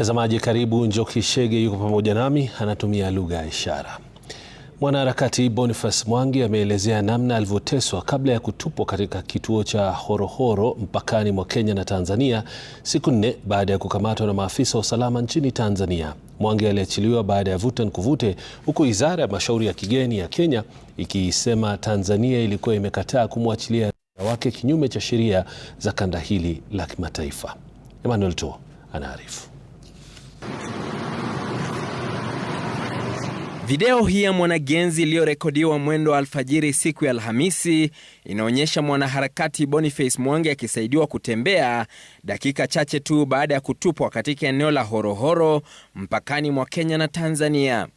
Mtazamaji karibu, Njoki Shege yuko pamoja nami, anatumia lugha ya ishara. Mwanaharakati Boniface Mwangi ameelezea namna alivyoteswa kabla ya kutupwa katika kituo cha Horohoro mpakani mwa Kenya na Tanzania siku nne baada ya kukamatwa na maafisa wa usalama nchini Tanzania. Mwangi aliachiliwa baada ya vuta nikuvute, huku Wizara ya Mashauri ya Kigeni ya Kenya ikisema Tanzania ilikuwa imekataa kumwachilia raia wake kinyume cha sheria za kanda hili la kimataifa. Emmanuel To anaarifu. Video hii ya mwanagenzi iliyorekodiwa mwendo wa alfajiri siku ya Alhamisi inaonyesha mwanaharakati Boniface Mwangi akisaidiwa kutembea dakika chache tu baada ya kutupwa katika eneo la Horohoro mpakani mwa Kenya na Tanzania.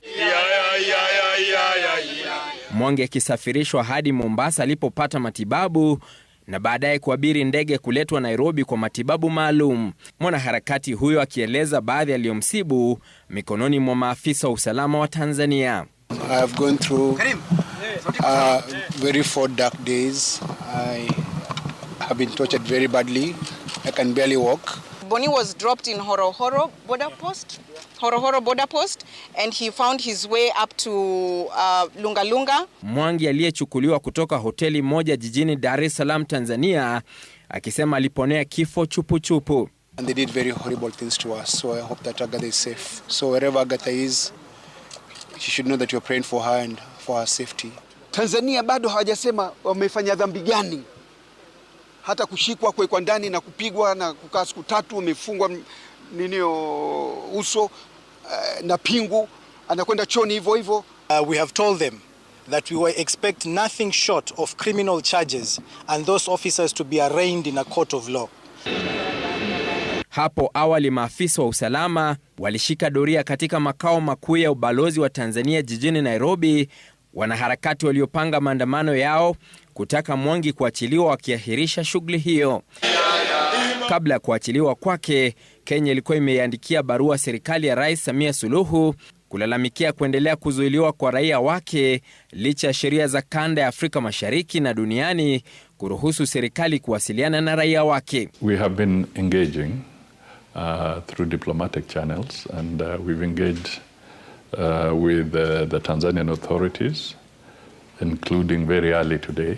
Mwangi akisafirishwa hadi Mombasa alipopata matibabu na baadaye kuabiri ndege kuletwa Nairobi kwa matibabu maalum. Mwanaharakati huyo akieleza baadhi aliyomsibu mikononi mwa maafisa wa usalama wa Tanzania. I have uh, been tortured very badly. I can barely walk. Boni was dropped in Horohoro border post, Horohoro border post and he found his way up to uh, Lunga Lunga. Mwangi aliyechukuliwa kutoka hoteli moja jijini Dar es Salaam Tanzania akisema aliponea kifo chupu chupu. And they did very horrible things to us. So I hope that Agatha is safe. So wherever Agatha is, she should know that you're praying for her and for her safety. Tanzania bado hawajasema wamefanya dhambi gani hata kushikwa, kuwekwa ndani na kupigwa na kukaa siku tatu amefungwa ninio uso uh, na pingu, anakwenda choni hivyo hivyo. Uh, we have told them that we expect nothing short of criminal charges and those officers to be arraigned in a court of law. Hapo awali maafisa wa usalama walishika doria katika makao makuu ya ubalozi wa Tanzania jijini Nairobi, wanaharakati waliopanga maandamano yao kutaka Mwangi kuachiliwa wakiahirisha shughuli hiyo. Kabla ya kuachiliwa kwake, Kenya ilikuwa imeiandikia barua serikali ya Rais Samia Suluhu kulalamikia kuendelea kuzuiliwa kwa raia wake licha ya sheria za kanda ya Afrika Mashariki na duniani kuruhusu serikali kuwasiliana na raia wake. We have been engaging uh, through diplomatic channels and uh, we've engaged uh, with uh, the Tanzanian authorities including very early today.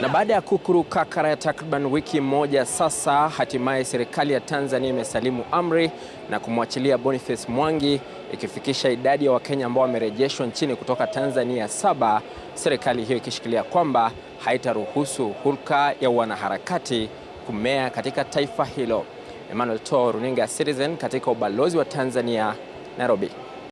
Na baada ya kukuru kakara ya takriban wiki moja sasa, hatimaye serikali ya Tanzania imesalimu amri na kumwachilia Boniface Mwangi ikifikisha idadi ya Wakenya ambao wamerejeshwa nchini kutoka Tanzania saba, serikali hiyo ikishikilia kwamba haitaruhusu hulka ya wanaharakati kumea katika taifa hilo. Emmanuel Toro, Runinga Citizen katika ubalozi wa Tanzania Nairobi.